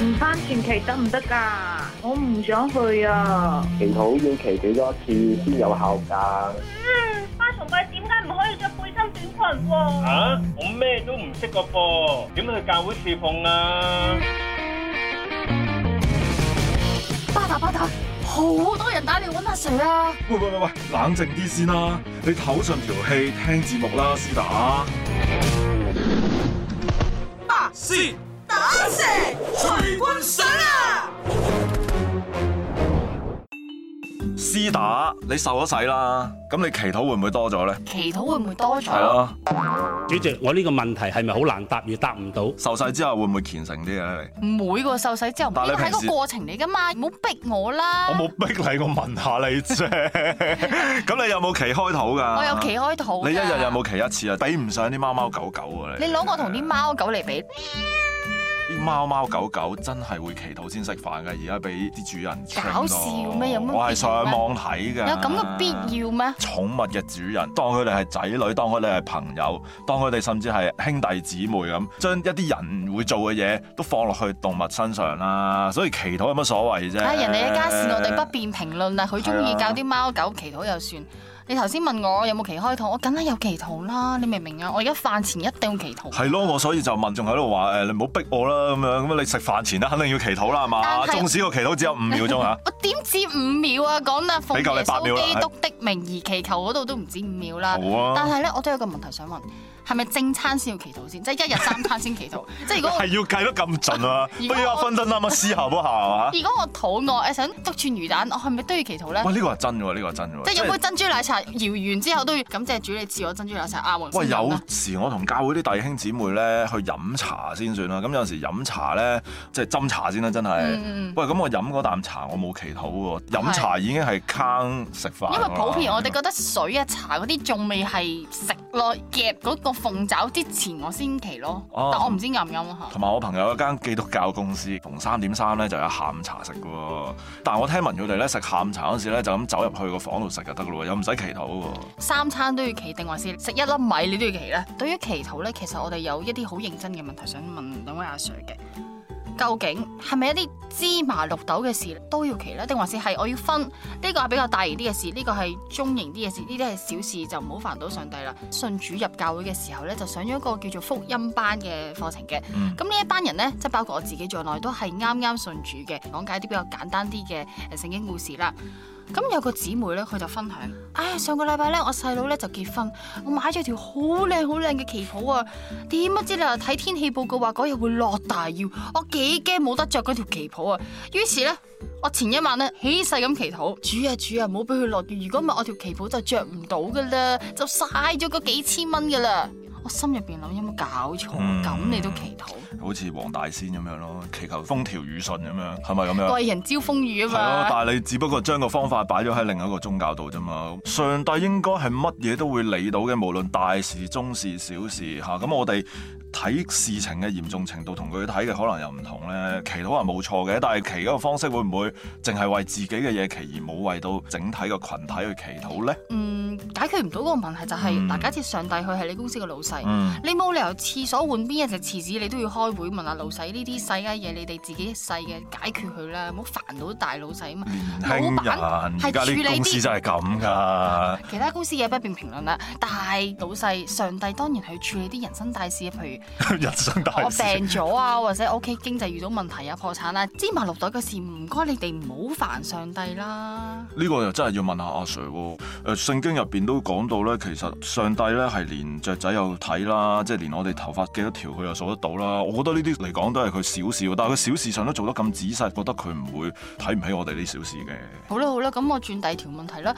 唔翻 傳奇得唔得噶？我唔想去啊！祈禱要祈禱幾多次先有效噶？嗯，返崇拜點解唔可以着背心短裙喎？吓、啊，我咩都唔識個噃，點去教會侍奉啊？巴達巴達，好多人打你，揾阿誰啊？喂喂喂喂，冷靜啲先啦，你唞順條氣，聽節目啦，斯達八斯。巴阿佘，徐君想啊！廝打，你受咗洗啦，咁你祈禱會唔會多咗咧？祈禱會唔會多咗？係咯，主席，我呢個問題係咪好難答？而答唔到？受洗之後會唔會虔誠啲啊？你唔會噶，受洗之後。但係喺個過程嚟噶嘛，唔好逼我啦。我冇逼你，我問下你啫。咁你有冇期開肚噶？我有期開肚。你一日有冇期一次啊？比唔上啲貓貓狗狗啊！你你攞我同啲貓狗嚟比？啲貓貓狗狗真係會祈禱先食飯嘅，而家俾啲主人搞笑咩？有乜必要？啊，我係上網睇嘅。有咁嘅必要咩？寵物嘅主人當佢哋係仔女，當佢哋係朋友，當佢哋甚至係兄弟姊妹咁，將一啲人會做嘅嘢都放落去動物身上啦。所以祈禱有乜所謂啫？啊，人哋一家事，我哋不便評論啦。佢中意教啲貓狗祈禱又算。你頭先問我有冇祈開禱，我梗係有祈禱啦，你明唔明啊？我而家飯前一定要祈禱。係咯，我所以就問，仲喺度話誒，你唔好逼我啦咁樣。咁你食飯前咧，肯定要祈禱啦，係嘛是？縱使個祈禱只有五秒鐘嚇、啊。 我點止五秒啊？講得奉耶穌基督的名是而祈求嗰度都唔止五秒啦。好啊。但係咧，我都有一個問題想問。係咪正餐先要祈禱先？即、就、係、是、一日三餐先祈禱。 即係如果係要計得咁盡啊，都要分分啊、啱思下下嚇。如果我肚餓誒想督串魚蛋，我係咪都要祈禱咧？喂，呢、這個係真㗎喎，呢、這個係真㗎喎。即係飲杯珍珠奶茶，是搖完之後都要感謝主你賜我珍珠奶茶啱喎。喂，有時我同教會啲弟兄姊妹咧去飲茶先算啦。咁有陣時飲茶咧，即係斟茶先啦、啊，真係。嗯、喂，咁我飲嗰啖茶我冇祈禱喎，飲茶已經係坑食飯。的吧因為普遍我哋覺得水啊茶嗰啲仲未係食落夾嗰、那個逢走之前我先祈咯，但我唔知啱唔啱吓。同埋、啊、我朋友一間基督教公司，逢三點三咧就有下午茶食嘅，但我聽聞佢哋咧食下午茶嗰時咧就咁走入去個房度食就得咯，又唔使祈禱。三餐都要祈定還是食一粒米你都要祈咧？對於祈禱咧，其實我哋有一啲好認真嘅問題想問兩位阿 Sir 嘅。究竟係咪一啲芝麻綠豆嘅事都要祈呢？定還是係我要分呢個係比較大型啲嘅事，呢個係中型啲嘅事，呢啲係小事就唔好煩到上帝啦。信主入教會嘅時候呢，就上咗一個叫做福音班嘅課程嘅。咁呢一班人呢，即包括我自己在內都係啱啱信主嘅，講解一啲比較簡單啲嘅聖經故事啦。咁有個姊妹咧，佢就分享：唉、哎，上個禮拜咧，我細佬咧就結婚，我買咗條好靚好靚嘅旗袍啊，點乜知啦？睇天氣報告話嗰日會落大雨，我幾驚冇得着嗰條旗袍啊！於是咧，我前一晚咧起勢咁祈禱，主啊主啊，唔好俾佢落雨，如果唔係我條旗袍就着唔到噶啦，就嘥咗嗰幾千蚊噶啦。我心入邊諗有冇搞錯？咁、嗯、你都祈禱，好似黃大仙咁樣咯，祈求風調雨順咁樣，係咪咁樣？貴人招風雨樣啊嘛。係咯，但係你只不過將個方法擺咗喺另一個宗教度啫嘛。嗯、上帝應該係乜嘢都會理到嘅，無論大事、中事、小事嚇。咁、啊、我哋睇事情嘅嚴重程度同佢睇嘅可能又唔同咧。祈禱係冇錯嘅，但係祈嗰個方式會唔會淨係為自己嘅嘢祈而冇為到整體個群體去祈禱咧？嗯解決唔到嗰個問題就係，嗱，假設上帝佢係你公司嘅老細，你冇理由廁所換邊一隻廁紙你都要開會問下老細？呢啲細嘅嘢，你哋自己細嘅解決佢啦，唔好煩到大老細啊嘛。年輕人係處理公司就係咁噶其他公司嘢不便評論啦，但係老細上帝當然係處理啲人生大事，譬如人生大事，我病咗啊，或者我屋企經濟遇到問題啊，破產啦、啊，芝麻綠豆嘅事唔該你哋唔好煩上帝啦。呢個又真係要問下阿 Sir，誒、啊、聖經入邊都。都講到咧，其實上帝咧係連雀仔又睇啦，即係連我哋頭髮幾多條佢又數得到啦。我覺得呢啲嚟講都係佢小事，但係佢小事上都做得咁仔細，覺得佢唔會睇唔起我哋呢小事嘅。好啦好啦，咁我轉第二條問題啦，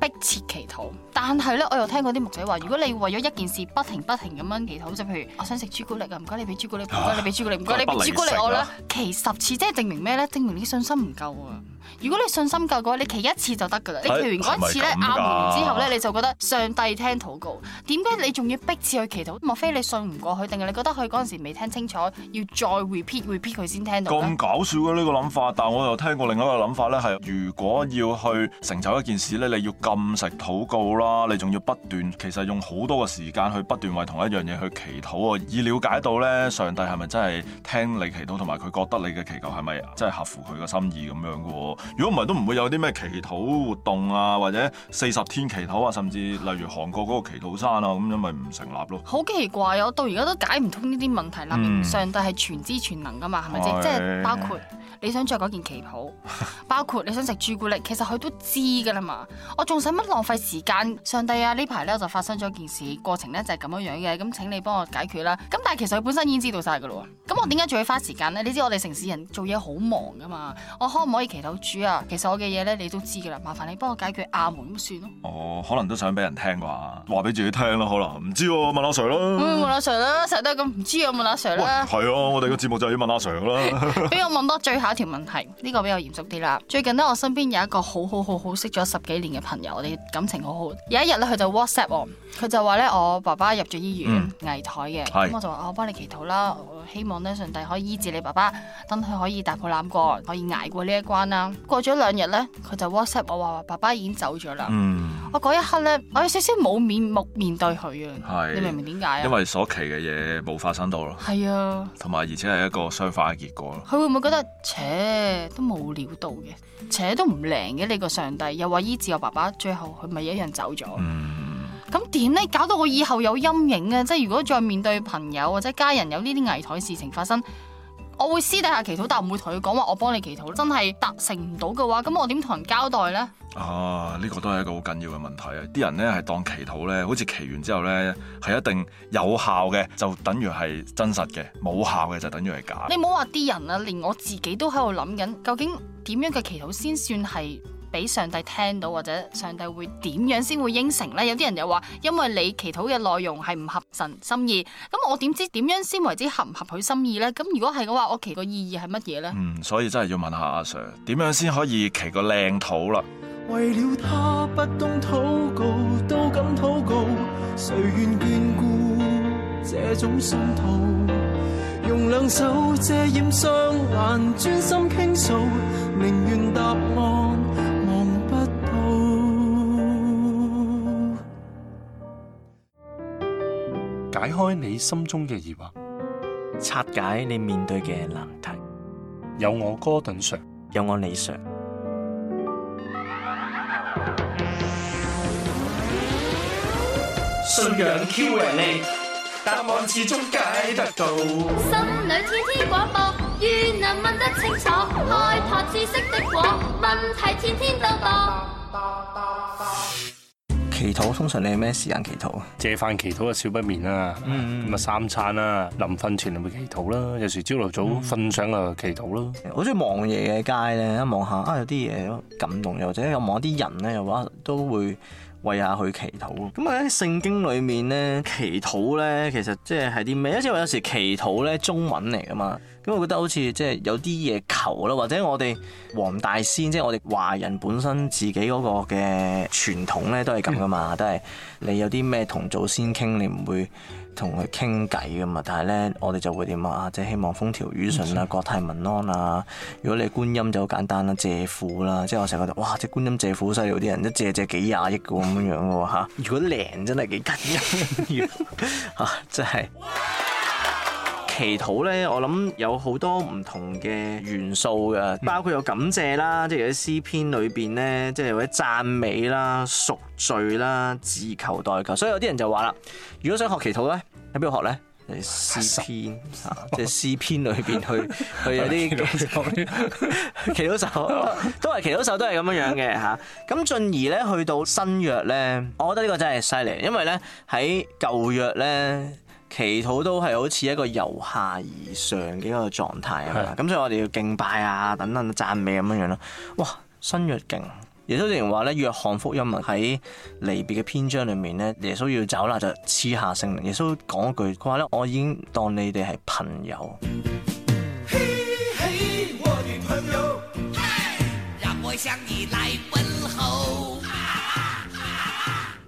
迫切祈禱。但係咧，我又聽過啲牧仔話，如果你為咗一件事不停不停咁樣祈禱，就譬如我想食朱古力啊，唔該你俾朱古力，唔該你俾朱古力，唔該、啊、你俾朱古力，古力啊、我咧祈十次，即係證明咩咧？證明你信心唔夠啊！如果你信心夠嘅話，你祈一次就得噶啦，是你祈完嗰一次咧，亞門之後咧，你就。我覺得上帝聽禱告，點解你仲要逼切去祈禱？莫非你信唔過佢，定係你覺得佢嗰陣時未聽清楚，要再 repeat repeat 佢先聽到？咁搞笑嘅呢、這個諗法，但係我又聽過另一個諗法咧，係如果要去成就一件事咧，你要禁食禱告啦，你仲要不斷，其實用好多嘅時間去不斷為同一樣嘢去祈禱啊，以了解到咧上帝係咪真係聽你祈禱，同埋佢覺得你嘅祈禱係咪真係合乎佢嘅心意咁樣嘅？如果唔係，都唔會有啲咩祈禱活動啊，或者四十天祈禱啊？甚至例如韓國嗰個祈禱山啊，咁因為唔成立咯。好奇怪啊！我到而家都解唔通呢啲問題。嗱、嗯，上帝係全知全能噶嘛，係咪是即係包括你想着嗰件旗袍， 包括你想食朱古力，其實佢都知噶啦嘛。我仲使乜浪費時間？上帝啊，呢排咧就發生咗件事，過程咧就係咁樣樣嘅。咁請你幫我解決啦。咁但係其實佢本身已經知道晒噶啦喎。咁我點解仲要花時間呢？你知我哋城市人做嘢好忙噶嘛？我可唔可以祈禱主啊？其實我嘅嘢咧你都知噶啦，麻煩你幫我解決阿門咁算咯。哦，都想俾人聽啩，話俾自己聽啦。可能唔知，問阿 Sir 啦。問阿 Sir 啦，成日都咁唔知啊，問阿 Sir 啦。係啊，我哋嘅節目就係要問阿 Sir 啦。俾 我問多最後一條問題，呢、這個比較嚴肅啲啦。最近呢，我身邊有一個好好好好，好識咗十幾年嘅朋友，我哋感情好好。有一日咧，佢就 WhatsApp 我，佢就話咧，我爸爸入咗醫院、嗯、危殆嘅。咁是我就話我幫你祈禱啦，希望咧，上帝可以醫治你爸爸，等佢可以大步攬過，可以挨過呢一關啦。過咗兩日咧，佢就 WhatsApp 我話爸爸已經走咗啦。 我嗰一刻咧，我有少少冇面目面對佢啊！係你明唔明點解啊？因為所期嘅嘢冇發生到咯。係啊，同埋而且係一個相反嘅結果咯。佢會唔會覺得，扯都冇料到嘅，扯都唔靈嘅？你個上帝又話醫治我爸爸，最後佢咪一樣走咗。咁點咧？搞到我以後有陰影啊！即係如果再面對朋友或者家人有呢啲危殆事情發生。我會私底下祈禱，但唔會同佢講話我幫你祈禱。真係達成唔到嘅話，咁我點同人交代呢？哦、啊，呢個都係一個好緊要嘅問題啊！啲人呢係當祈禱呢，好似祈完之後呢係一定有效嘅，就等於係真實嘅；冇效嘅就等於係假。你唔好話啲人啦、啊，連我自己都喺度諗緊，究竟點樣嘅祈禱先算係？俾上帝聽到或者上帝會點樣先會應承呢？有啲人又話，因為你祈禱嘅內容係唔合神心意，咁我點知點樣先為之合唔合佢心意呢？咁如果係嘅話，我祈個意義係乜嘢呢？嗯，所以真係要問下阿、啊、Sir，點樣先可以祈個靚土啦？為了他不、，不懂禱告都敢禱告，誰願眷顧這種信徒？用兩手遮掩雙眼，專心傾訴，寧願答案。解開你心中嘅疑惑，拆解你面對嘅難題，有我 Gordon Sir，有我李 Sir，信仰 Q&A，答案始終解得到，心裏天天廣播，願能問得清楚，開拓知識的我，問題天天都多。祈禱通常你係咩時間祈禱啊？借飯祈禱啊，少不免啊，咁啊三餐啊，臨瞓前咪祈禱啦。有時朝頭早瞓醒啊，祈禱咯。我中意望夜嘅街咧，一望下啊，有啲嘢感動又或者又望啲人咧，又話都會為下佢祈禱咯。咁啊，聖經裏面咧祈禱咧，其實即係係啲咩？因為有時祈禱咧，中文嚟㗎嘛。咁我覺得好似即係有啲嘢求啦，或者我哋黃大仙，即係我哋華人本身自己嗰個嘅傳統咧，都係咁噶嘛，都係你有啲咩同祖先傾，你唔會同佢傾偈噶嘛。但係咧，我哋就會點啊，即係希望風調雨順啊，國泰民安啊。如果你係觀音就好簡單啦，借庫啦，即係我成日覺得哇，即係觀音借庫犀利，啲人一借借幾廿億嘅咁樣嘅喎。如果靈真係幾緊要啊，真係。祈禱咧，我諗有好多唔同嘅元素嘅，嗯、包括有感謝啦，即係喺詩篇裏邊咧，即係或者讚美啦、贖罪啦、自求代求。所以有啲人就話啦，如果想學祈禱咧，喺邊度學咧？你、即係、詩篇，即係 詩篇裏邊去 去，去有啲 祈禱手，都係祈禱手，都係咁樣樣嘅嚇。咁、啊、進而咧，去到新約咧，我覺得呢個真係犀利，因為咧喺舊約咧。祈禱都係好似一個由下而上嘅一個狀態啊，咁的所以我哋要敬拜啊，等等讚美咁樣樣咯。哇，新約勁！耶穌竟然話咧，約翰福音文喺離別嘅篇章裏面咧，耶穌要走啦，就賜下聖靈。耶穌講一句佢話咧，我已經當你哋係朋友。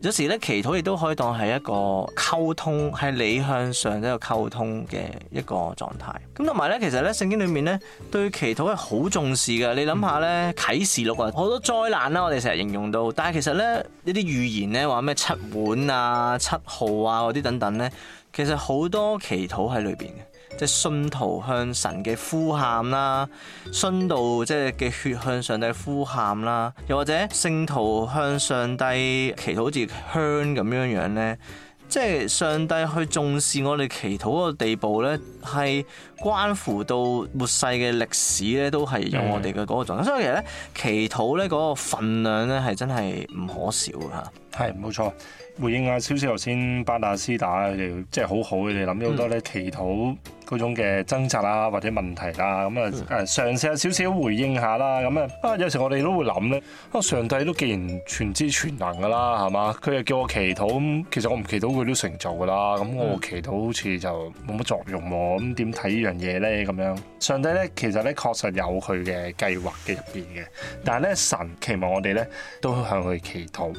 有時咧，祈禱亦都可以當係一個溝通，係你向上一個溝通嘅一個狀態。咁同埋咧，其實咧聖經裡面咧對祈禱係好重視嘅。你諗下咧，《啟示錄》啊，好多災難啦、啊，我哋成日形容到。但係其實咧呢啲預言咧話咩七碗啊、七號啊嗰啲等等咧，其實好多祈禱喺裏邊嘅。即係信徒向神嘅呼喊啦，信徒即係嘅血向上帝呼喊啦，又或者聖徒向上帝祈禱好似香咁樣樣咧，即係上帝去重視我哋祈禱個地步咧，係關乎到末世嘅歷史咧，都係有我哋嘅嗰個作用。所以其實咧，祈禱咧嗰個份量咧係真係唔可少嘅吓。係冇錯，回應下少少頭先班納斯打佢哋，即係好好佢哋諗咗好多咧，祈禱嗰種嘅掙扎啊，或者問題啦，咁啊誒嘗試下少少回應下啦，咁啊啊有時我哋都會諗咧，啊上帝都既然全知全能噶啦，係嘛，佢又叫我祈禱，咁其實我唔祈禱佢都成就噶啦，咁我祈禱好似就冇乜作用喎，咁點睇呢樣嘢咧？咁樣上帝咧，其實咧確實有佢嘅計劃嘅入邊嘅，但係咧神期望我哋咧都會向佢祈禱，咁、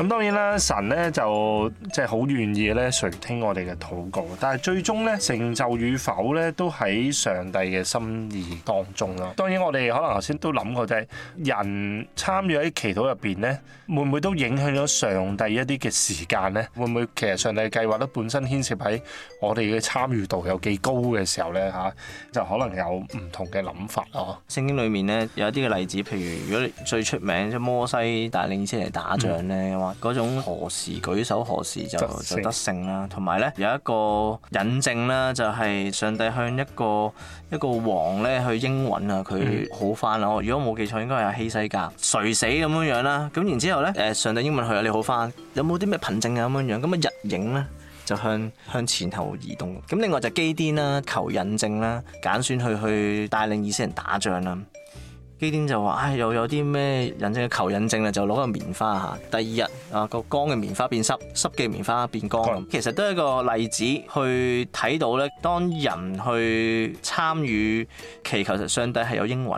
嗯。當然啦，神咧就即係好願意咧垂聽我哋嘅禱告，但係最終咧成就與否咧都喺上帝嘅心意當中啦。當然我哋可能頭先都諗過、就是，就係人參與喺祈禱入邊咧，會唔會都影響咗上帝一啲嘅時間咧？會唔會其實上帝嘅計劃咧本身牽涉喺我哋嘅參與度有幾高嘅時候咧嚇，就可能有唔同嘅諗法咯。聖經裏面咧有一啲嘅例子，譬如如果你最出名即係摩西帶領先嚟打仗咧，嗯嗰種何時舉手何時就色就得勝啦，同埋咧有一個引證啦，就係上帝向一個一個王咧去應允啊，佢好返啦、嗯。如果我冇記錯，應該係希西家垂死咁樣樣啦。咁然之後咧，誒上帝應允佢啊，你好返。有冇啲咩憑證啊咁樣樣？咁啊日影咧就向向前後移動。咁另外就基甸啦，求引證啦，揀選去去帶領以色列人打仗啦。基甸就話，唉、哎，又有啲咩引證嘅，求引證啊？就攞嗰個棉花吓。第二日啊，個乾嘅棉花變濕，濕嘅棉花變乾。其實都係個例子去睇到咧，當人去參與祈求，上帝係有應允。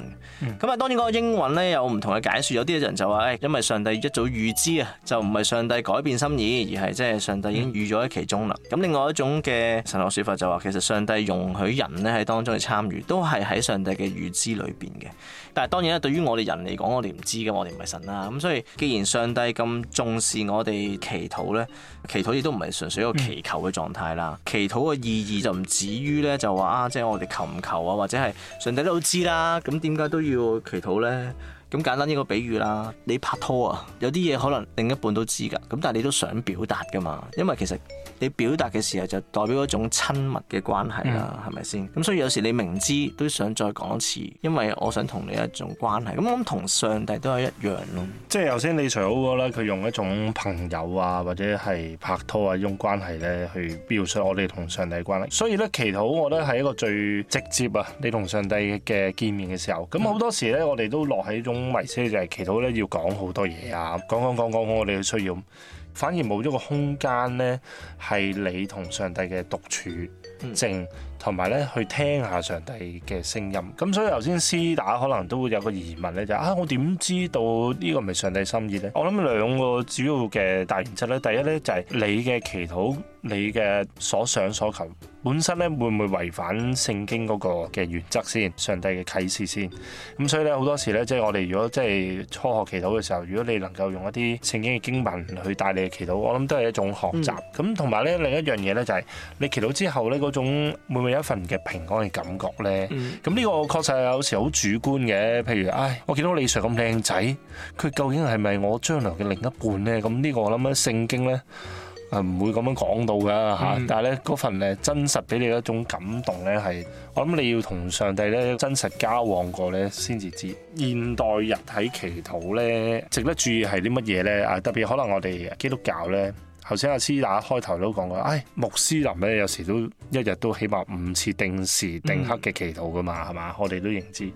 咁啊、嗯，當然嗰個應允咧，有唔同嘅解說。有啲人就話，因為上帝一早預知啊，就唔係上帝改變心意，而係即係上帝已經預咗喺其中啦。咁、嗯、另外一種嘅神學說法就話，其實上帝容許人咧喺當中去參與，都係喺上帝嘅預知裏邊嘅。但當然咧，對於我哋人嚟講，我哋唔知嘅，我哋唔係神啦。咁所以，既然上帝咁重視我哋祈禱咧，祈禱亦都唔係純粹一個祈求嘅狀態啦。祈禱嘅意義就唔至於咧，就話啊，即係我哋求唔求啊，或者係上帝都知啦。咁點解都要祈禱咧？咁簡單一個比喻啦，你拍拖啊，有啲嘢可能另一半都知㗎，咁但係你都想表達㗎嘛，因為其實。你表達嘅時候就代表一種親密嘅關係啦，係咪先？咁所以有時你明知都想再講一次，因為我想同你一種關係。咁我諗同上帝都係一樣咯。即係頭先你除咗啦，佢用一種朋友啊，或者係拍拖啊呢種關係咧去表述我哋同上帝嘅關係。所以咧，祈禱我覺得係一個最直接啊，你同上帝嘅見面嘅時候。咁好多時咧，我哋都落喺一種迷思，就係、是、祈禱咧要講好多嘢啊，講講講講我哋要需要。反而冇咗個空間呢，係你同上帝嘅獨處靜，同埋呢去聽下上帝嘅聲音。咁所以頭先師打可能都會有個疑問呢，就係，啊，我點知道呢個唔係上帝心意呢？我諗兩個主要嘅大原則呢。第一呢，就係你嘅祈禱，你嘅所想所求。本身咧會唔會違反聖經嗰個嘅原則先？上帝嘅啟示先？咁所以咧好多時咧，即係我哋如果即係初學祈禱嘅時候，如果你能夠用一啲聖經嘅經文去帶你嘅祈禱，我諗都係一種學習。咁同埋咧另一樣嘢咧就係、是、你祈禱之後咧嗰種會唔會有一份嘅平安嘅感覺咧。咁呢、嗯、個確實係有時好主觀嘅。譬如，唉，我見到李 Sir 咁靚仔，佢究竟係咪我將來嘅另一半咧？咁呢個我諗咧聖經咧。誒唔會咁樣講到㗎嚇。嗯、但係咧嗰份咧真實俾你一種感動咧係，我諗你要同上帝咧真實交往過咧先至知。現代人喺祈禱咧，值得注意係啲乜嘢咧？啊，特別可能我哋基督教咧，頭先阿師打開頭都講過，唉、哎，穆斯林咧有時都一日都起碼五次定時定刻嘅祈禱㗎嘛，係嘛，嗯？我哋都認知。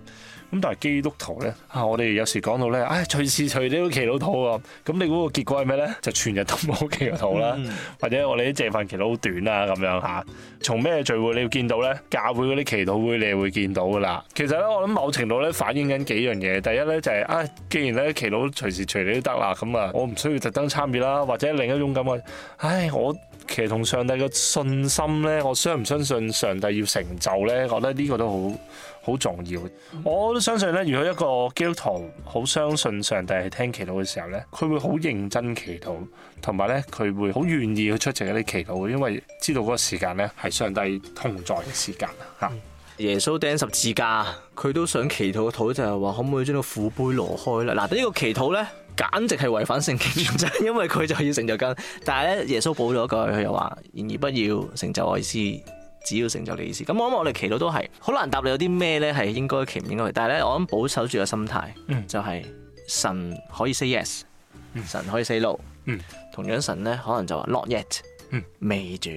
咁但係基督徒咧，啊我哋有時講到咧，唉，隨時隨地都祈到禱噶，咁你估個結果係咩咧？就全日都冇祈到啦，或者我哋啲謝飯祈禱好短啦咁樣嚇。從咩聚會你會見到咧？教會嗰啲祈禱會你會見到噶啦。其實咧，我諗某程度咧反映緊幾樣嘢。第一咧就係、是、啊，既然咧祈禱隨時隨地都得啦，咁啊，我唔需要特登參與啦，或者另一種咁嘅，唉，我。其實同上帝嘅信心咧，我相唔相信上帝要成就咧，我覺得呢個都好好重要。我都相信咧，如果一個基督徒好相信上帝係聽祈禱嘅時候咧，佢會好認真祈禱，同埋咧佢會好願意去出席一啲祈禱嘅，因為知道嗰個時間咧係上帝同在嘅時間啊！嗯、耶穌釘十字架，佢都想祈禱嘅土就係話，可唔可以將個苦杯挪開啦？嗱，呢個祈禱咧。簡直係違反聖經原則，因為佢就要成就根。但係咧，耶穌補咗句，佢又話：然而不要成就我意思，只要成就你意思。」咁我諗我哋祈禱都係，好難答你有啲咩咧係應該祈唔應該。但係咧，我諗保守住個心態，就係神可以 say yes，神可以 say no、嗯。同樣神咧可能就話 not yet，、嗯、未主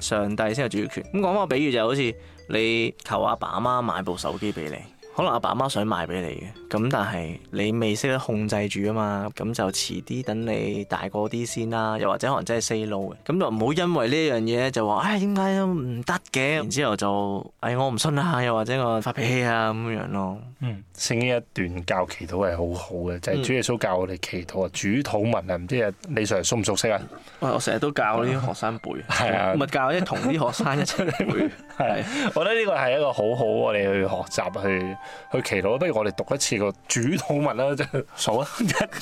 上帝先有主權。咁講翻個比喻就是、好似你求阿爸阿媽買部手機俾你。可能阿爸阿媽想賣俾你嘅，咁但係你未識得控制住啊嘛，咁就遲啲等你大個啲先啦。又或者可能真係細路嘅，咁就唔好因為呢樣嘢就話，唉點解唔得嘅？然之後就，唉我唔信啦，又或者我發脾氣啊咁樣咯。嗯，聖經呢一段教祈禱係好好嘅，就係主耶穌教我哋祈禱啊。主禱文啊，唔知啊，你上嚟熟唔熟悉啊？我成日都教呢啲學生背，咪教即係同啲學生一齊嚟背。係，我覺得呢個係一個好好我哋去學習去。去祈禱，不如我哋讀一次個主禱文啦，就數啦，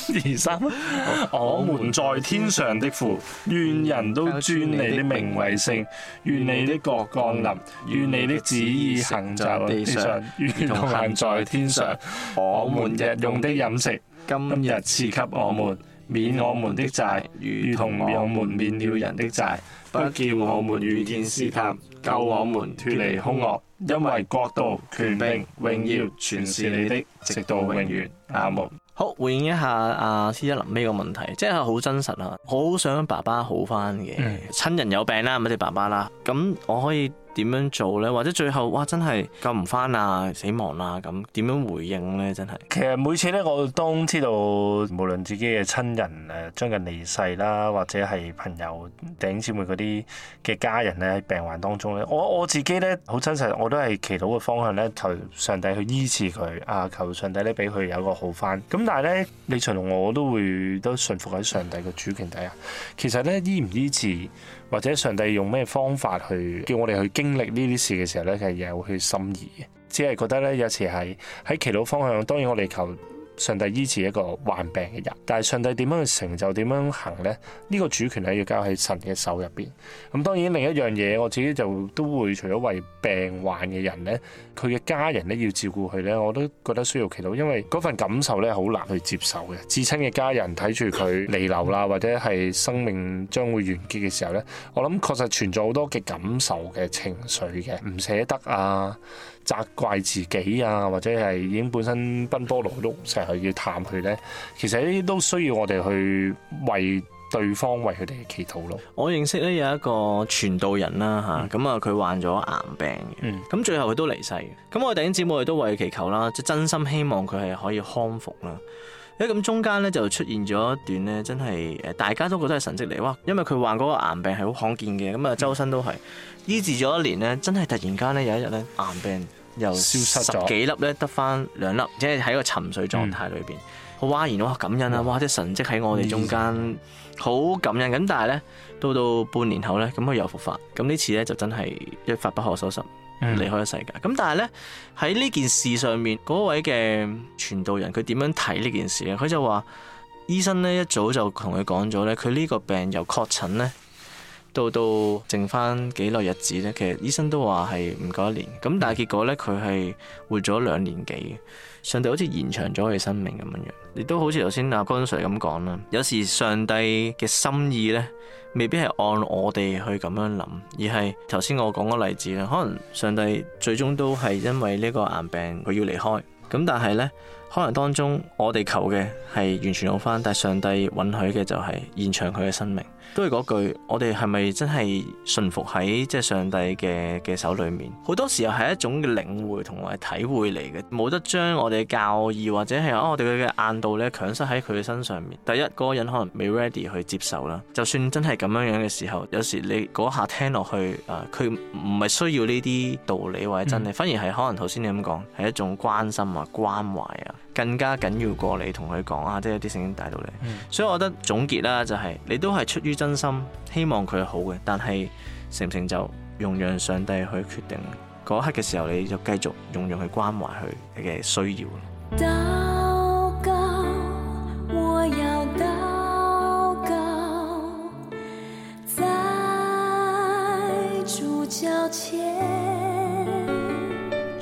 一、二、三。好我們在天上的父，願人都尊你的名為聖。願你的國降臨。願你的旨意行在地上，如同行在天上。我們日用的飲食，今日賜給我們。免我們的債，如同我們免了人的債，不叫我們遇見試探，救我們脱離凶惡，因為國度、權柄、榮耀，全是你的，直到永遠。阿門。好，回應一下阿 T 一臨尾呢個問題，即係好真實啊，好想爸爸好翻嘅，親人有病啦，唔係啲爸爸啦，咁我可以。點樣做呢？或者最後哇，真係救唔翻啊，死亡啦，咁點樣回應呢？真係其實每次呢，我都知道，無論自己嘅親人誒將近離世啦，或者係朋友弟兄姊妹嗰啲嘅家人咧，病患當中呢，我我自己呢，好真實，我都係祈禱嘅方向呢，求上帝去醫治佢啊，求上帝呢，俾佢有個好翻。咁但係咧，你同我都會都順服喺上帝嘅主權底下。其實呢，醫唔醫治？或者上帝用咩方法去叫我哋去經歷呢啲事嘅時候咧，其實有去心意嘅，只係覺得咧，有時係喺祈禱方向，當然我哋求。上帝醫治一個患病嘅人，但係上帝點樣去成就、點樣行呢？呢、呢個主權係要交喺神嘅手入邊。咁當然另一樣嘢，我自己就都會除咗為病患嘅人呢，佢嘅家人呢要照顧佢呢，我都覺得需要祈禱，因為嗰份感受呢好難去接受嘅。至親嘅家人睇住佢彌留啦，或者係生命將會完結嘅時候呢，我諗確實存在好多嘅感受嘅情緒嘅，唔捨得啊！責怪自己啊，或者係已經本身奔波勞碌，成日去要探佢咧，其實呢啲都需要我哋去為對方為佢哋祈禱咯。我認識咧有一個傳道人啦，嚇咁啊，佢患咗癌病嘅，咁、嗯、最後佢都離世嘅。咁我哋頂尖姊妹亦都為佢祈求啦，即真心希望佢係可以康復啦。咁中間咧就出現咗一段咧，真係誒大家都覺得係神跡嚟，哇！因為佢患嗰個癌病係好罕見嘅，咁啊周身都係醫治咗一年咧，真係突然間咧有一日咧癌病又消失，十幾粒咧得翻兩粒，即係喺個沉睡狀態裏邊，好嘩、嗯、然，哇感恩啦，哇即神跡喺我哋中間，好感恩。咁但係咧，到到半年後咧，咁佢又復發，咁呢次咧就真係一發不可收拾。離開世界咁，但係咧喺呢件事上面，嗰位嘅傳道人佢點樣睇呢件事咧？佢就話醫生咧一早就同佢講咗咧，佢呢個病又確診咧。到到剩翻幾耐日子咧，其實醫生都話係唔夠一年咁，但係結果咧佢係活咗兩年幾。上帝好似延長咗佢嘅生命咁樣樣，亦都好似頭先阿君 Sir 咁講啦。有時上帝嘅心意咧，未必係按我哋去咁樣諗，而係頭先我講個例子啦。可能上帝最終都係因為呢個癌病佢要離開咁，但係咧可能當中我哋求嘅係完全好翻，但係上帝允許嘅就係延長佢嘅生命。都係嗰句，我哋係咪真係順服喺即係上帝嘅嘅手裏面？好多時候係一種嘅領會同埋體會嚟嘅，冇得將我哋嘅教義或者係哦我哋嘅硬度咧強塞喺佢嘅身上面。第一嗰、嗰個人可能未 ready 去接受啦。就算真係咁樣樣嘅時候，有時你嗰下聽落去，誒、呃，佢唔係需要呢啲道理或者真理，反而係可能頭先你咁講，係一種關心啊關懷啊。更加緊要過你同佢講啊，即係啲聲音帶到你。嗯、所以我覺得總結啦、就是，就係你都係出於真心，希望佢好嘅。但係成唔成就，用讓上帝去決定嗰刻嘅時候，你就繼續用讓去關懷佢嘅需要。